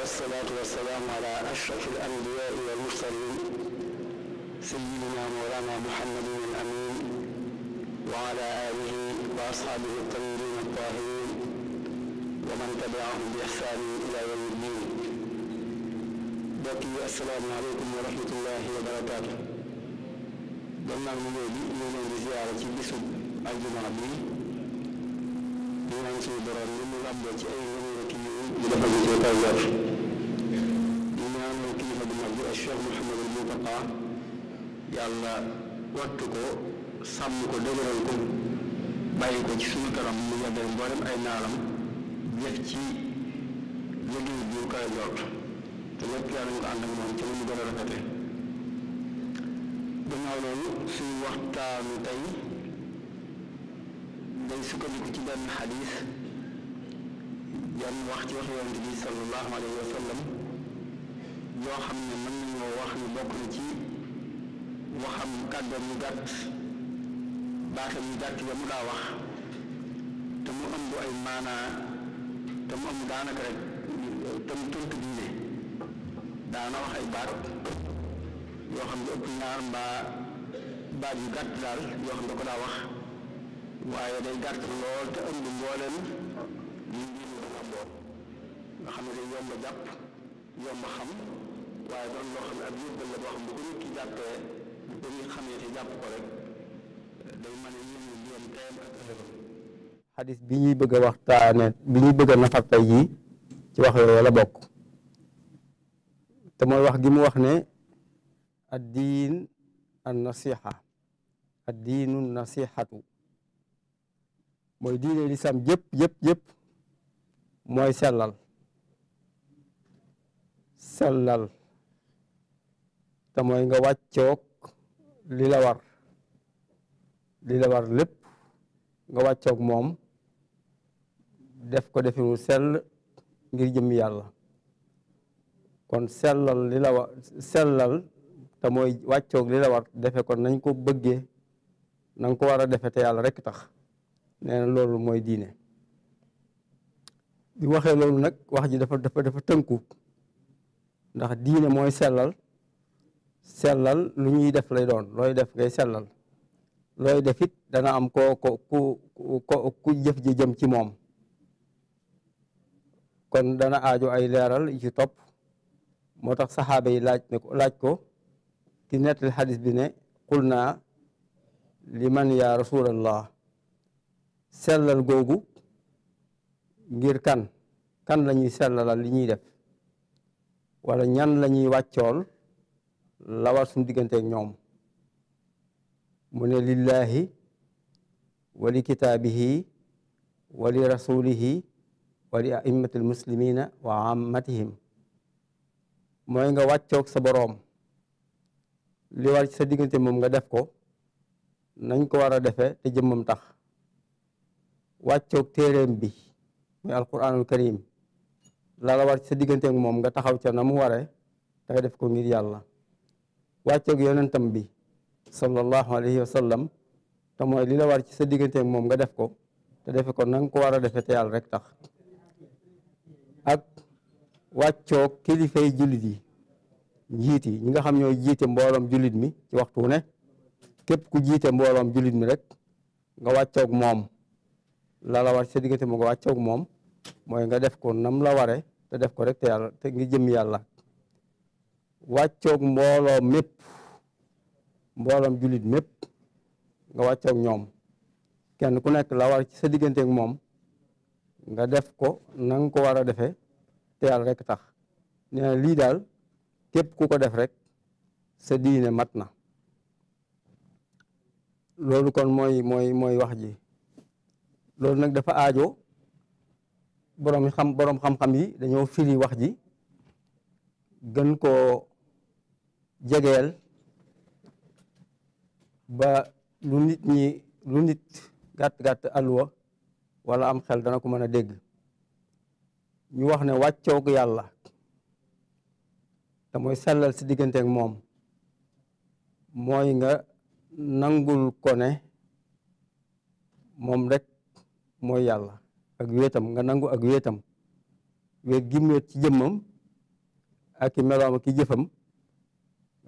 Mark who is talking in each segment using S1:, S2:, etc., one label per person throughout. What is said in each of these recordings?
S1: والصلاة والسلام على أشرف الأنبياء والمرسلين سيدنا مولانا محمد الأمين وعلى آله وأصحابه الطيبين الطاهرين ومن تبعهم بإحسان إلى يوم الدين بقي السلام عليكم ورحمة الله وبركاته gannaaw ñu ñëw bi ñu leen di ziyaara ci bisub aljuma bi ñu naan suñu borom li mu am ci ay ngëneel ak yi ñu defal ñu ci tawfeex Cheikh Mouhamadul Mountakha yàlla wattu ko sàmm ko ko bàyyi ko ci mu yeddal mboolem ay naalam jëf ci liggéey bu ci lu mu gën a rafete gannaaw loolu waxtaanu tey day sukkandiku ci benn xadis yan wax ci wax yonent bi sallallahu alayhi wa sallam yoo xam ne mën wax ni bokk na ci waxam kàddoom yu gàtt baatam yu gàtt ya mu daa wax te mu ëmb ay maanaa te mu ëmb daanaka rek te mu tënk diine daana wax ay baat yoo xam ne ëpp ñaar mbaa baat yu gàtt daal yoo xam ne ko daa wax waaye day gàtt lool te ëmb mbooleem li ñu nga xam ne day yomb jàpp yomb xam
S2: xadis bi ñuy bëgg a waxtaane bi ñuy bëgg a nafar tey ci wax yooyu la bokk te mooy wax gi mu wax ne ad diin an nasiha ad diinu nasihatu mooy diine lislaam jëpp jëpp jëpp mooy sellal sellal te nga wàccoog li la war li la war lépp nga wàccook moom def ko definu sell ngir jëmm yàlla kon sellal li la sellal te mooy wàccoog li la defe kon nañ ko bëggee na ko war a defe te yàlla rek tax nee na loolu mooy diine di waxee loolu nag wax ji dafa dafa dafa tënku ndax diine mooy sellal sellal lu ñuy def lay doon looy def ngay sellal looy def it dana am ko ko ku jëf ji jëm ci moom kon dana aajo ay leeral yu ci topp moo tax saxaaba yi laaj ne ko laaj ko ki nettali xadis bi ne xul naa li man yaa rasulallah sellal googu ngir kan kan la ñuy sellalal li ñuy def wala ñan lañuy ñuy wàccool la war suñu digganteeg ñoom mu ne lillahi wa li kitaabihi wa li rasulihi wa li aimmatil muslimina wa ammatihim mooy nga wàccoog sa boroom li war ci sa diggante moom nga def ko nañ ko war a defe te jëmmam tax wàccoog téeréem bi muy alquranul karim la la war sa digganteeg moom nga taxaw ca na mu waree te nga def ko ngir yàlla wàcceeg yonentam bi sallallahu alayhi wa sallam te mooy li la war ci sa digganteeg moom nga def ko te defe ko na nga ko war a defe te yàlla rek tax ak wàccoog kilifay jullit yi njiit yi ñi nga xam ñooy jiite mbooloom jullit mi ci waxtu ne képp ku jiite mbooloom jullit mi rek nga wàccoog moom la la war ci sa diggante mu nga moom mooy nga def ko nam la ware te def ko rek te yàlla te ngi jëm yàlla wàccoog mbooloo mépp mbooloom jullit mépp nga wàccoog ñoom kenn ku nekk la war ci sa digganteeg moom nga def ko na nga ko war a defee te yàlla rek tax nee na lii daal képp ku ko def rek sa diine mat na loolu kon mooy moy mooy wax ji loolu nag dafa aajo boroom xam boroom xam-xam yi dañoo firi wax ji gën koo jegeel ba lu nit ñi lu nit gàtt-gàtt alluwa wala am xel dana ko mën a dégg ñu wax ne wàccoog yàlla damooy mooy sellal si diggante ak moom mooy nga nangul ko moom rek mooy yàlla ak wéetam nga nangu ak wéetam wéet gi mu ci jëmmam ak i meloom ak i jëfam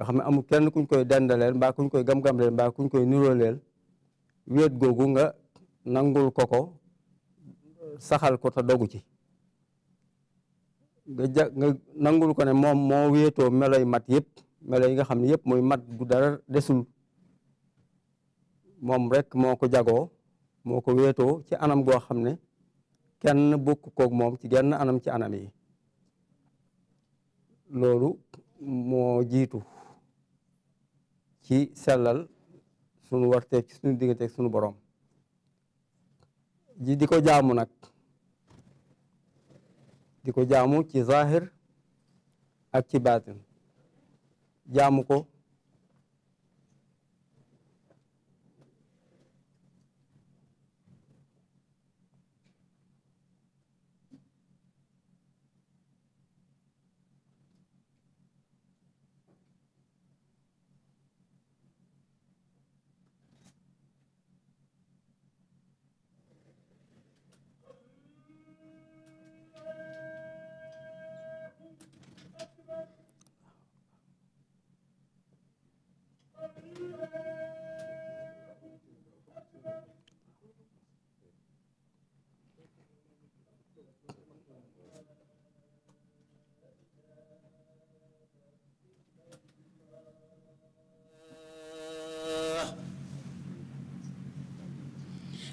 S2: nga xam ne amul kenn kuñ koy dendaleel mbaa kuñ koy gam-gamleel mbaa kuñ koy nuróoleel wéet googu nga nangul ko ko saxal ko te dogu ci nga ja nga nangul ko ne moom moo wéetoo meloy mat yëpp melo yi nga xam ne yëpp muy mat gu dara desul moom rek moo ko jagoo moo ko wéetoo ci anam goo xam ne kenn bokk koog moom ci genn anam ci anam yi loolu moo jiitu ci sellal sunu warteeg ci sunu digganteeg sunu borom ji di ko jaamu nag di ko jaamu ci zahir ak ci baatin jaamu ko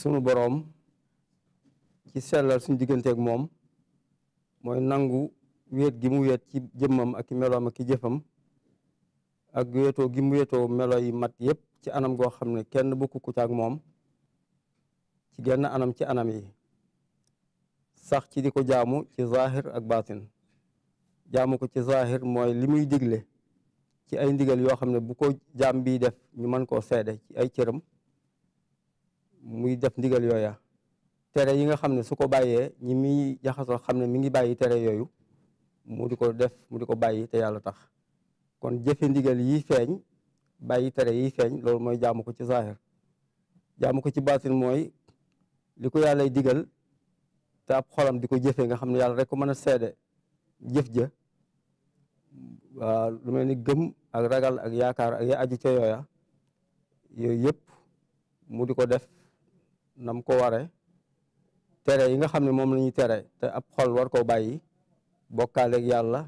S2: sunu boroom ci sellal suñu digganteeg moom mooy nangu wéet gi mu wéet ci jëmmam ak meloom ak jëfam ak wéetoo gi mu wéetoo melo yi mat yépp ci anam goo xam ne kenn bokku ko ak moom ci genn anam ci anam yi sax ci di ko jaamu ci zahir ak basin jaamu ko ci zahir mooy li muy digle ci ay ndigal yoo xam ne bu ko jaam bi def ñu mën koo seede ci ay cëram muy def ndigal yooya tere yi nga xam ne su ko bàyyee ñi muy jaxasoo xam ne mi ngi bàyyi tere yooyu mu di ko def mu di ko bàyyi te yàlla tax kon jëfe ndigal yi feeñ bàyyi tere yi feeñ loolu mooy jaamu ko ci zahir jaamu ko ci baatin mooy li ko yàllay digal te ab xolam di ko jëfee nga xam ne yàlla rek ko mën a sede jëf ja waaw lu mel ni gëm ak ragal ak yaakaar ak aju ca yooya yooyu yëpp mu di ko def nam ko ware tere yi nga xam ne moom lañuy tere te ab xol war koo bàyyi bokkaaleeg yàlla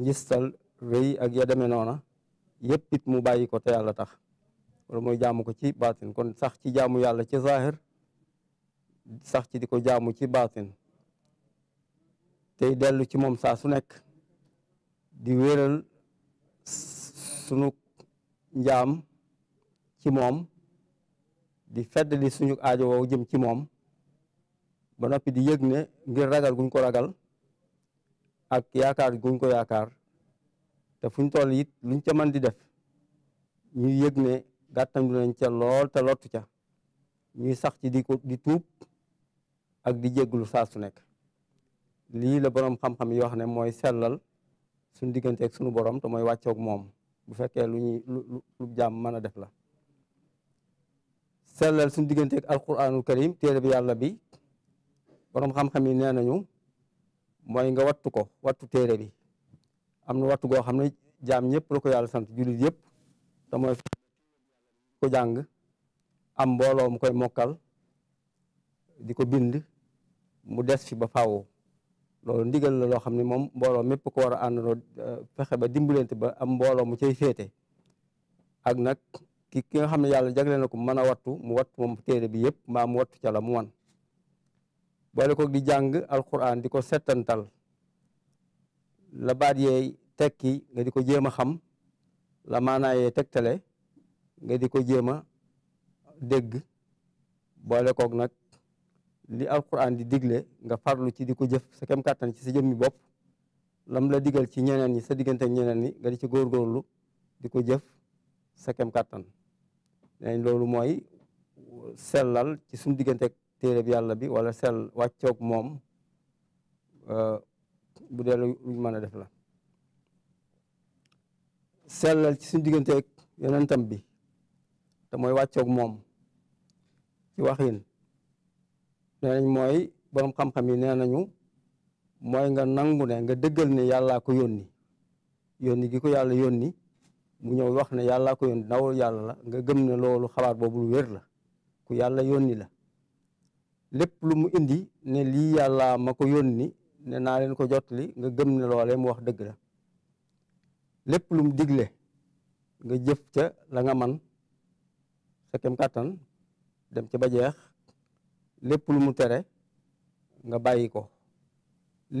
S2: njistal rëy ak ya demee noona yëpp it mu bàyyi ko te yàlla tax wala mooy jaamu ko ci baatin kon sax ci jaamu yàlla ci zahir sax ci di ko jaamu ci baatin tey dellu ci moom saa su nekk di wéral sunu njaam ci moom di fedd li suñu aajo woowu jëm ci moom ba noppi di yëg ne ngir ragal guñ ko ragal ak yaakaar guñ ko yaakaar te fuñ toll it luñ ca mën di def ñu yëg ne gàttam dinañ ca lool te lot ca ñuy sax ci di ko di tuub ak di jégglu saa su nekk lii la borom xam-xam yi wax ne mooy sellal suñ digganteeg sunu borom te mooy wàccoog moom bu fekkee lu ñuy lu lu jaam mën a def la sellal suñu digganteeg alquranul karim téere bi yàlla bi borom xam-xam yi nee nañu mooy nga wattu ko wattu téere bi am na wattu goo xam ne jaam ñëpp la ko yàlla sant jullit yëpp te ko jàng am mbooloo mu koy mokkal di ko bind mu des fi ba faw loolu ndigal la loo xam ne moom mbooloo mépp ko war a àndandoo fexe ba dimbalante ba am mbooloo mu cay féete ak nag ki ki nga xam ne yàlla jagle na ko mën a wattu mu wattu moom téere bi yëpp mbaa mu wattu ca la mu wan boole ko di jàng alquran di ko settantal la baat yee tekki nga di ko jéem a xam la maanaa yee tegtale nga di ko jéem a dégg boole kook nag li alquran di digle nga farlu ci di ko jëf sa kem kàttan ci sa jëmmi bopp lam la diggal ci ñeneen ñi sa diggante ñeneen ñi nga di ci góorgóorlu di ko jëf sa kem kàttan nañ loolu mooy sellal ci suñu digganteek téere bi yàlla bi wala sel wàccoog moom euh, bu dee luñ mën a def la sellal ci suñu digganteek ak yonentam bi te mooy moom ci waxin nee nañ mooy boroom xam-xam yi nee nañu mooy nga nangu ne nga dëggal ne yàllaa ko yónni yónni gi ko yàlla yónni mu ñëw wax ne yàlla ko yónni ndawul yàlla la nga gëm ne loolu xabaar boobu lu wér la ku yàlla yónni la lépp lu mu indi ne lii yàlla ma ko yónni ne naa leen ko jottali nga gëm ne loolee mu wax dëgg la lépp lu mu nga jëf ca la nga man sa kem kàttan dem ca bajeex jeex lépp lu mu tere nga bàyyi ko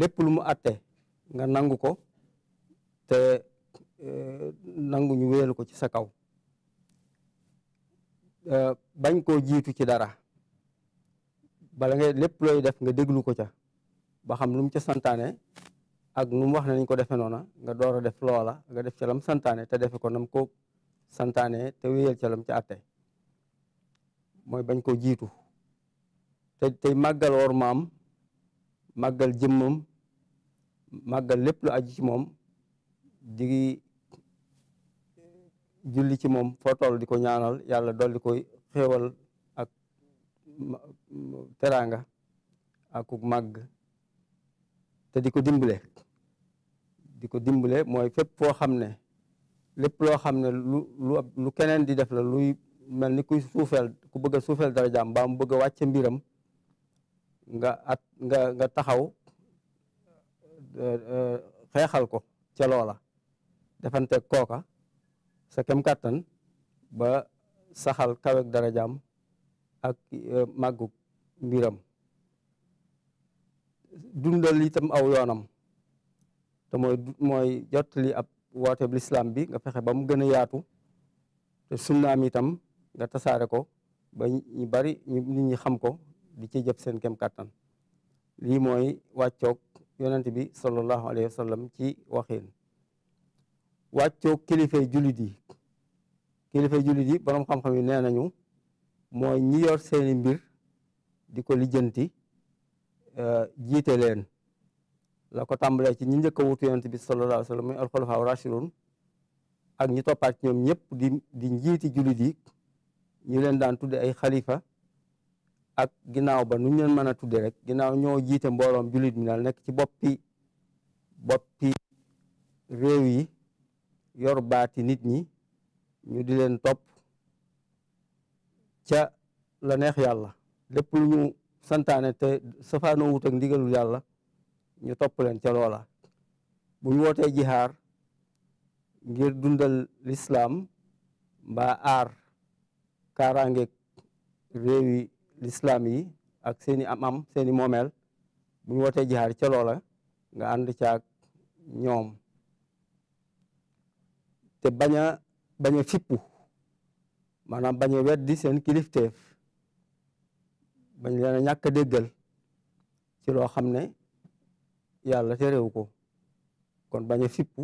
S2: lépp lu mu atte nga nangu ko te Eh, nangu ñu wéyal ko ci sa kaw eh, bañ koo jiitu ci dara bala nga lépp looy def nga déglu ko ca ba xam lu ca santaane ak nu mu wax ne nañ ko defe noona nga door a def loola nga def ca lam santaane te defe ko nam ko santaane te wéyal ca lam ca atte mooy bañ koo jiitu te tey màggal war maam màggal lépp lu aju ci moom di julli ci moom foo toll di ko ñaanal yàlla dolli koy xéewal ak teraanga ak màgg te di ko dimbale di ko dimbale mooy fépp foo xam ne lépp loo xam ne lu keneen di def la luy mel ni kuy suufel ku bëgg suufel suufeel dara jaam mu bëgg a wàcce mbiram nga at nga taxaw euh, euh, xeexal ko ca loola defante kooka sa kem kàttan ba saxal kawek darajaam ak e, màggug mbiram dundal itam aw yoonam te mooy mooy ab woote lislaam bi nga fexe ba mu gën a yaatu te sunnaam itam nga tasaare ko ba ñu bari nit ñi xam ko di ci jëf seen kem kàttan lii mooy wàccoog yonent bi sallallahu alayhi wa ci waxiin wàccoo kilifa jullit yi kilifay jullit yi borom xam-xam yi nee nañu mooy ñi yor seeni mbir di ko lijjanti euh, jiite leen la ko tàmbalee ci ñi njëkk a wutu yonent bi sallallahu alayhi solo sallam muy alxulafaa rashidun ak ñi toppaat ñoom ñëpp di di njiiti jullit yi ñu leen daan tudde ay xalifa ak ginnaaw ba nu ñu leen mën a tudde rek ginnaaw ñoo jiite mbooloom jullit mi daal nekk ci boppi boppi réew yi yor baati nit ñi ñu di leen topp ca la neex yàlla lépp ñu santaane te safaanoo wut ndigalul yàlla ñu topp leen ca loola bu ñu wootee jihaar ngir dundal lislaam ba aar kaaraangeeg réewi lislaam yi ak seeni am-am seeni moomeel bu ñu wootee jihaar ca loola nga ànd caag ñoom te bañ a bañ a fippu maanaam bañ a seen kilifteef bañ leen a ñàkk a ci loo xam ne yàlla terewu ko kon bañ a fippu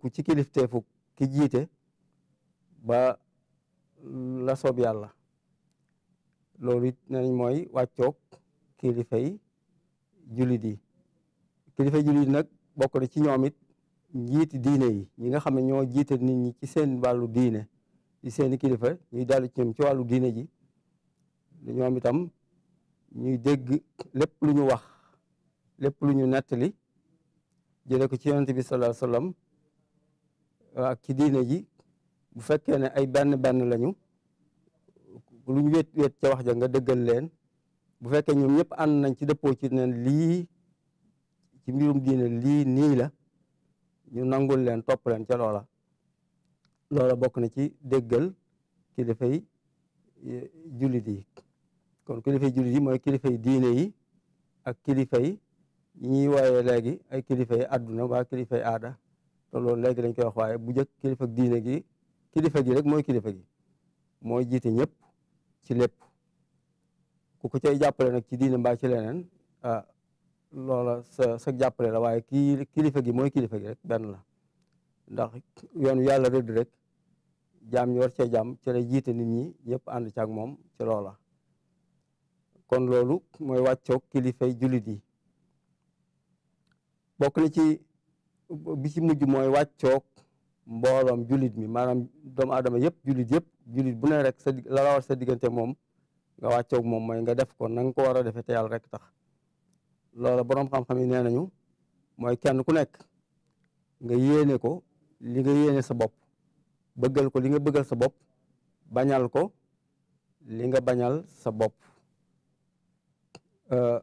S2: ku ci kilifteefu ki jiite ba la soob yàlla loolu it nañ mooy wàccoog kilifay jullit yi kilifay jullit yi nag ci ñoomit njiit diine yi ñi nga xam ne ñoo jiite nit ñi ci seen wàllu diine di seeni kilifa ñuy dellu ci ñoom ci wàllu diine ji ñoom itam ñuy dégg lépp lu ñu wax lépp lu ñu nettali jële ko ci yonent bi sallallahu alayhi wasallam ci diine ji bu fekkee ne ay benn benn lañu lu ñu wet wet ca wax ja nga dëggal leen bu fekkee ñoom ñépp ànd nañ ci dëppoo ci ne lii ci mbirum diine lii nii la ñu nangul leen topp leen ca loola loola bokk na ci déggal kilifay e, jullit yi kon kilifay jullit yi mooy kilifay diine yi ak kilifay ñuy wooyee léegi ay kilifay àdduna waa kilifay aada te loolu léegi lañ koy wax waaye bu jëkk kilifa diine gi kilifa gi rek mooy kilifa gi mooy jiite ñëpp ci lépp ku ko cay jàppale nag ci diine mbaa ci leneen ah, loola sa sa jàppale la waaye kii kilifa gi mooy kilifa gi rek benn la ndax yoonu yàlla rëdd rek jaam ñu war cee jaam ci lay jiite nit ñi ñëpp ànd ci ak moom ci loola kon loolu mooy wàccoog kilifay jullit yi bokk na ci bi ci mujj mooy wàccoog mbooloom jullit mi maanaam doomu aadama yëpp jullit yëpp jullit bu ne rek sa sa diggante moom nga wàccoog moom mooy nga def ko na nga ko war a defee te yàlla rek tax loola boroom xam-xam yi nee nañu mooy kenn ku nekk nga yéene ko li nga yéene sa bopp bëggal ko li nga bëggal sa bopp bañal ko li nga bañal sa bopp euh,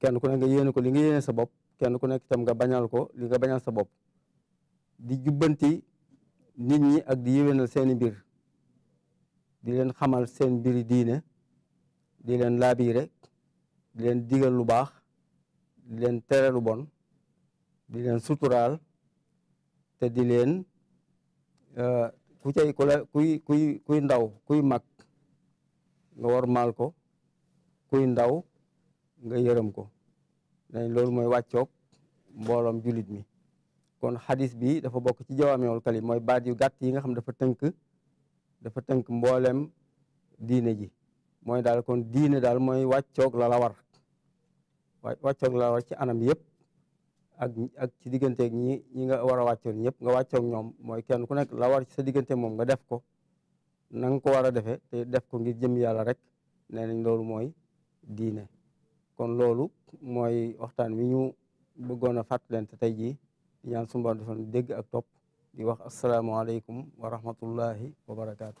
S2: kenn ku nekk nga ko li nga yéene sa bopp kenn ku nekk itam nga bañal ko li nga bañal sa bopp di jubbanti nit ñi ak di yéwénal seeni mbir di leen xamal seen mbiri diine di leen laabiire di leen lu baax di leen tere lu bon di leen suturaal te di leen euh, ku cay ku la kuy kuy kuy ndaw kuy mag nga war maal ko kuy ndaw nga yërëm ko dañ loolu mooy wàccoog mbooloom julit mi kon xadis bi dafa bokk ci jawaamiul kalim mooy baat yu gàtt yi nga xam dafa tënk dafa tënk mbooleem diine ji mooy daal kon diine daal mooy wàccoog la la war wàccoog la ci anam yëpp ak ak ci digganteeg ñi ñi nga war a wàccoon ñëpp nga wàccoog ñoom mooy kenn ku nekk la war ci sa diggante moom nga def ko na nga ko war a defee te def ko ngir jëm yàlla rek nee nañ loolu mooy diine kon loolu mooy waxtaan wi ñu bëggoon a fàttalante tey jii di ñaan suñu Boroom defal dégg ak topp di wax asalaamaaleykum wa rahmatullahi wa barakaatu.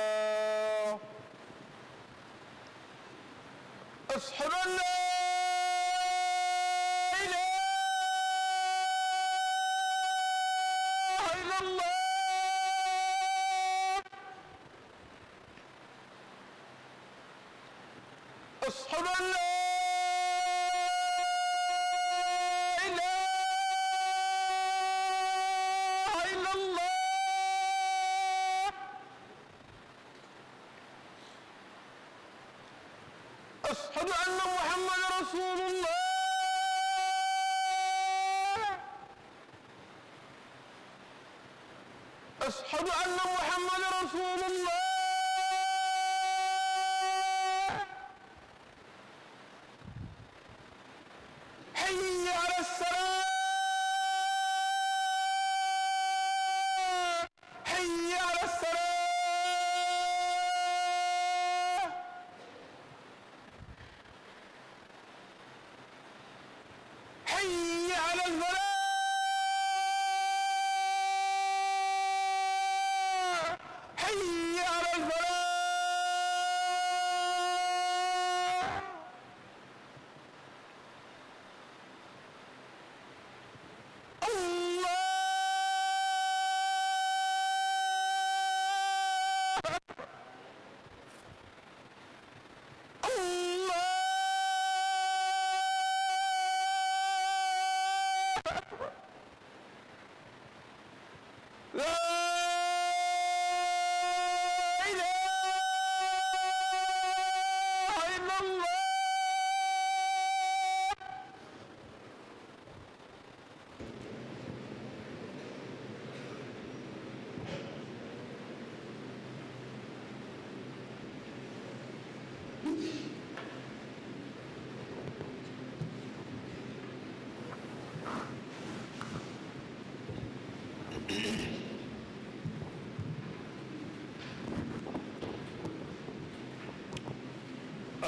S3: واشهد ان محمد رسول الله اشهد ان محمد رسول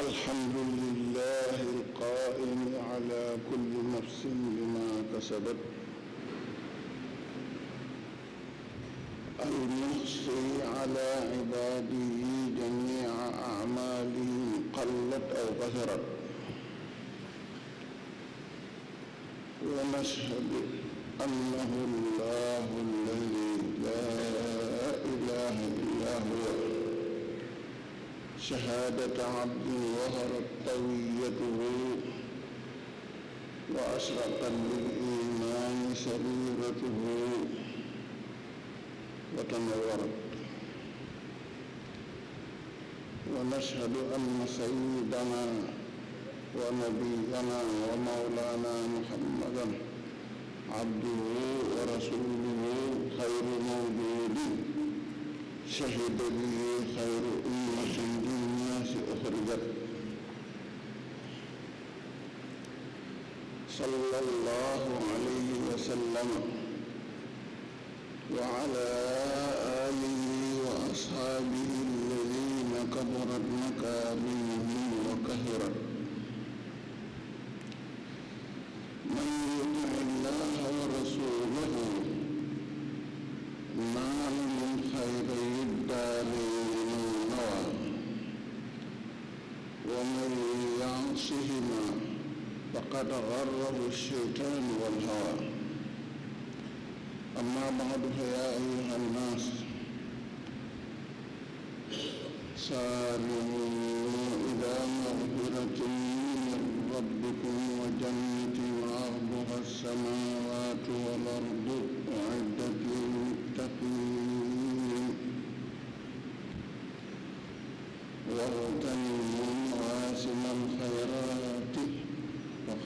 S4: alhamdulilah alqaimi ala kulli nafsin bima kasabat المحصي على عباده جميع أعمالهم قلت أو كثرت ونشهد أنه الله الذي لا إله إلا هو شهادة عبده وظهر الطوية وأشرق بالإيمان سريرته وتنورت ونشهد أن سيدنا ونبينا ومولانا محمدا عبده ورسوله خير موجود شهد به خير أمة للناس أخرجت صلى الله عليه وسلم وعلى آله وأصحابه الذين كبرت مكارمهم وكثرت يتغرب الشيطان والهوى أما بعد فيا أيها الناس سارعوا إلى مغفرة من ربكم وجنة وعرضها السماوات والأرض أعدت للمتقين واغتنموا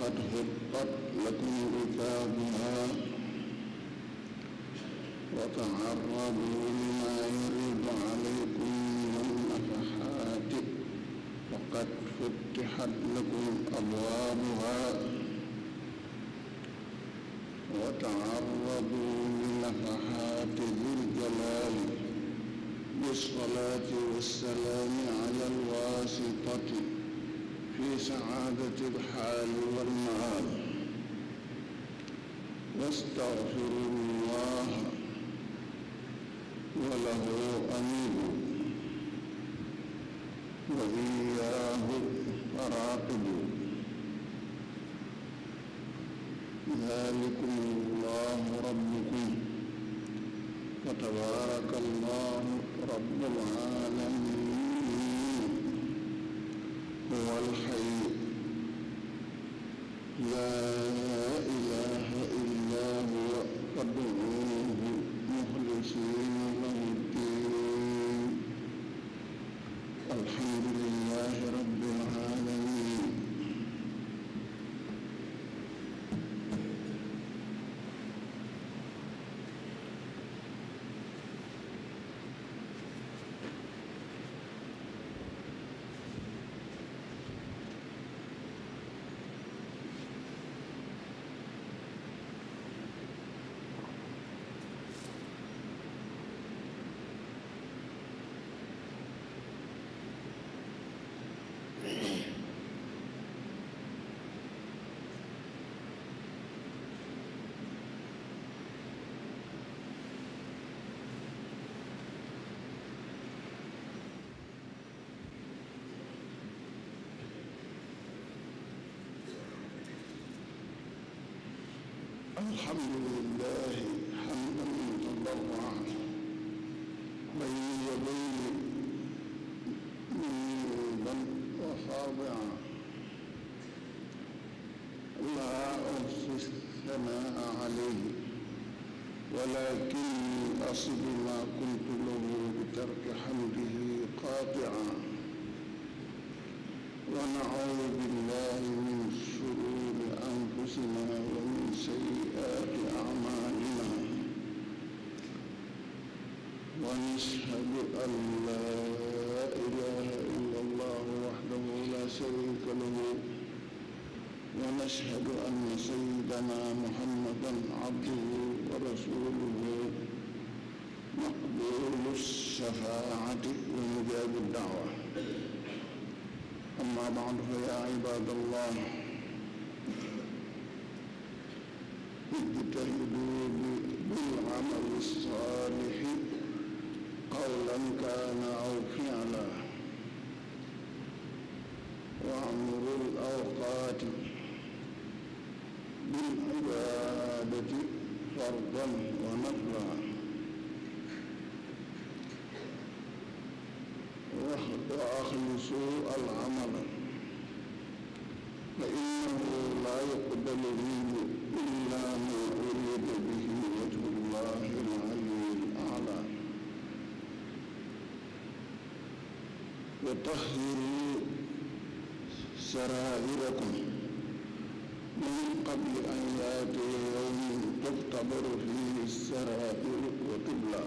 S4: قد هبت لكم ركابها وتعرضوا لما يرد عليكم من نفحاتك وقد فتحت لكم أبوابها وتعرضوا لنفحات ذي الجلال بالصلاة والسلام على الواسطة في سعادة الحال والمآل واستغفروا الله وله أنيبوا وإياه فراقبوا ذلكم الله ربكم وتبارك الله رب العالمين wal الحمد لله حمدا تضرعا بين يديه منيبا وخاضعا لا أحصي الثناء عليه ولكني أصب ما كنت له بترك حمده قاطعا ونعوذ بالله من شرور أنفسنا ونشهد أن لا إله إلا الله وحده لا شريك له ونشهد أن سيدنا محمدا عبده ورسوله مقبول الشفاعة ومجاب الدعوة أما بعد فيا عباد الله اجتهدوا بالعمل الصالح أن كان أو فعلا وأمر الأوقات
S2: بالعبادة فرضا
S4: ونفلا وأخلصوا العمل فإنه لا يقبل منه wa tahhiru sarairakum min qabli an yaatiya yawmun tuftaru fihi sarairu wa tubla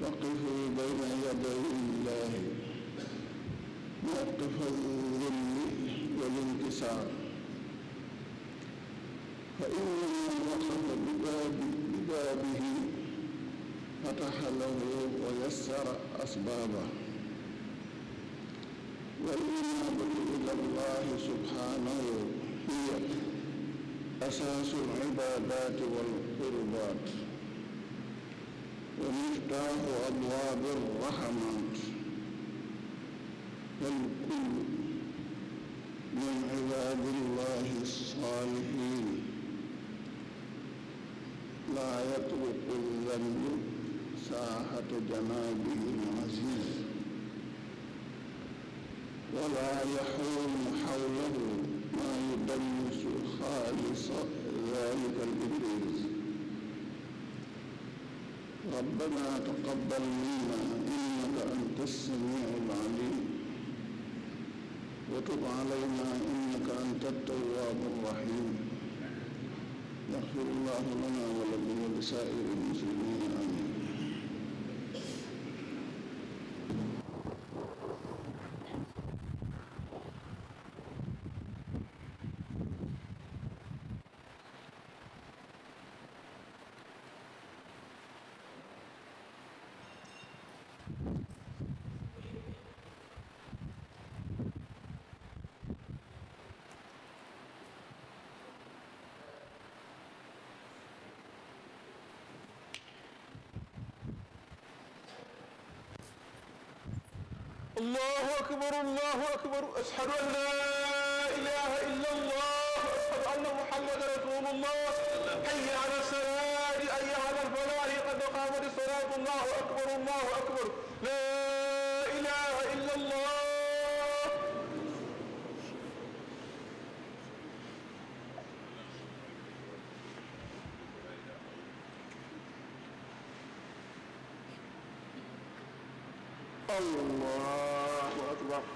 S4: waqifu bayna yaday illahi موقف الذل والانكسار فإن من وقف ببابه فتح له ويسر أسبابه والإنابة إلى الله سبحانه هي أساس العبادات والقربات ومفتاح أبواب الرحمات والكل من عباد الله الصالحين لا يترك الذنب ساحة جماله العزيز ولا يحوم حوله ما يدنس خالص ذلك الإبليس ربنا تقبل منا إنك أنت السميع العليم وتب علينا إنك أنت التواب الرحيم يغفر الله لنا ولكم ولسائر المسلمين
S3: allahu akbar allahu akbar ashhadu an la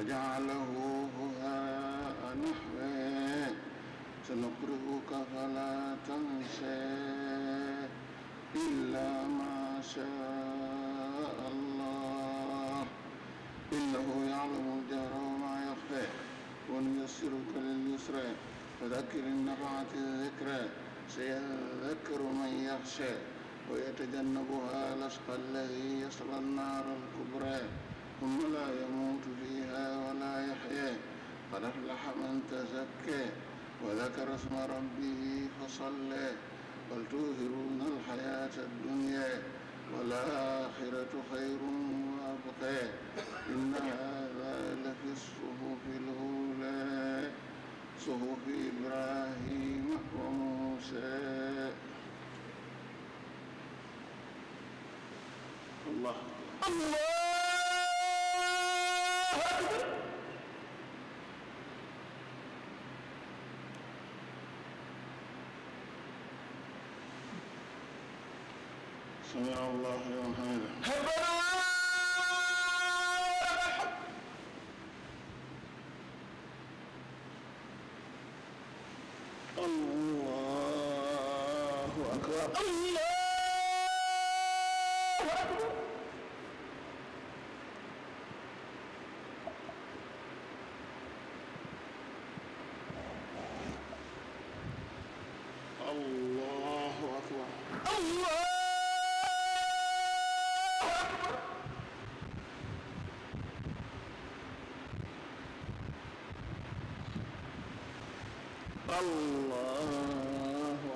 S4: فجعله غثاء نحوه سنقرئك فلا تنسى إلا ما شاء الله إنه يعلم الجهر وما يخفى ونيسرك لليسرى فذكر النفعة الذكرى سيذكر من يخشى ويتجنبها الأشقى الذي يصلى النار الكبرى ثم لا يموت فيها ولا يحيا قد أفلح من تزكى وذكر اسم ربه فصلى بل تؤثرون الحياة الدنيا والآخرة خير وأبقى إن هذا لفي الصحف الأولى صحف إبراهيم وموسى الله
S3: الله allahu akbar
S4: sami allahu liman hamidah rabbana
S3: lakal hamd allahu akbar allahu akbar
S4: الله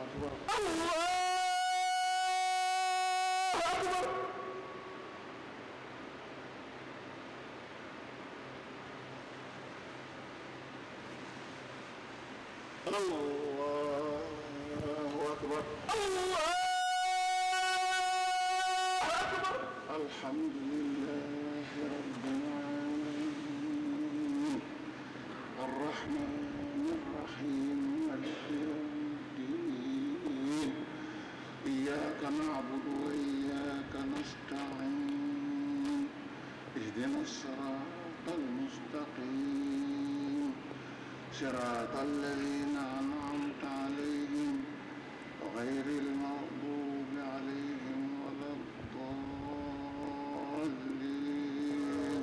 S4: أكبر الله أكبر الله أكبر الله أكبر الحمد لله رب العالمين الرحمن نعبد وإياك نستعين اهدنا الصراط المستقيم صراط الذين أنعمت عليهم غير المغضوب عليهم ولا الضالين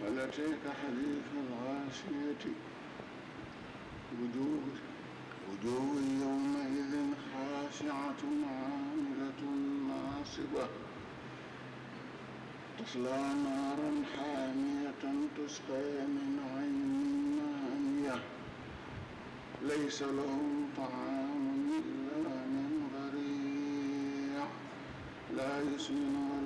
S4: هل أتيك حديث الغاشية وجوه وجوه يومئذ خاشعة عاملة ناصبة تصلى نارا حامية تسقى من عين آنية ليس لهم طعام إلا من ضريع لا يسمن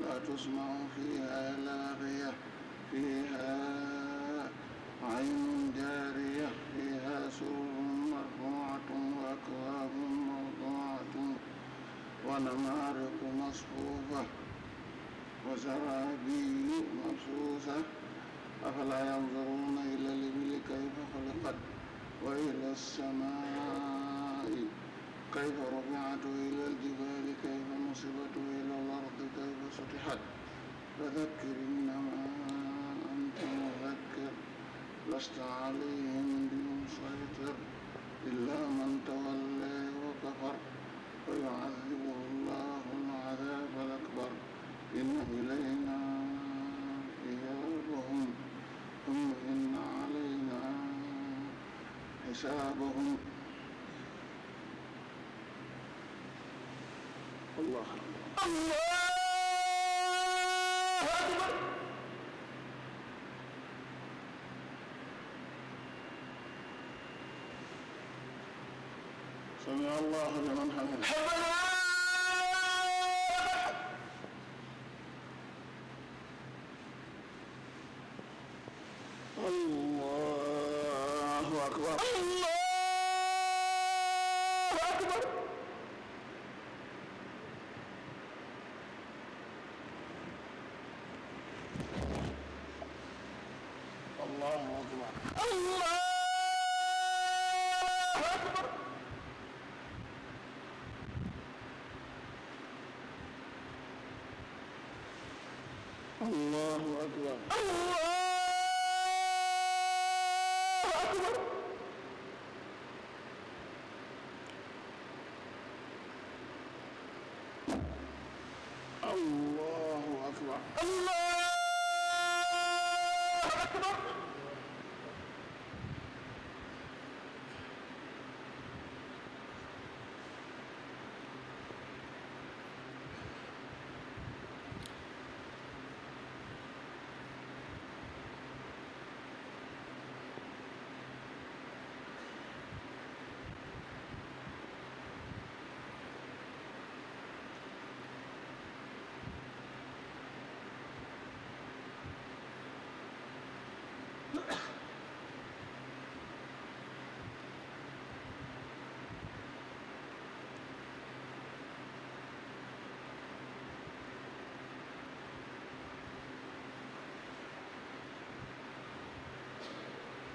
S4: لا تسمع فيها لاغية فيها عين جارية فيها سرر مرفوعة وأكواب موضوعة ونمارق مصفوفة وزرابي مبسوسة أفلا ينظرون إلى الإبل كيف خلقت وإلى السماء كيف رفعت وإلى الجبال كيف المصيبة إلى الأرض كيف سطحت فذكر إنما أنت مذكر لست عليهم بمسيطر إلا من تولى وكفر فيعذبه الله العذاب الأكبر إن إلينا إيابهم ثم إن علينا حسابهم
S3: الله الله أكبر
S4: سمع الله لمن حمده am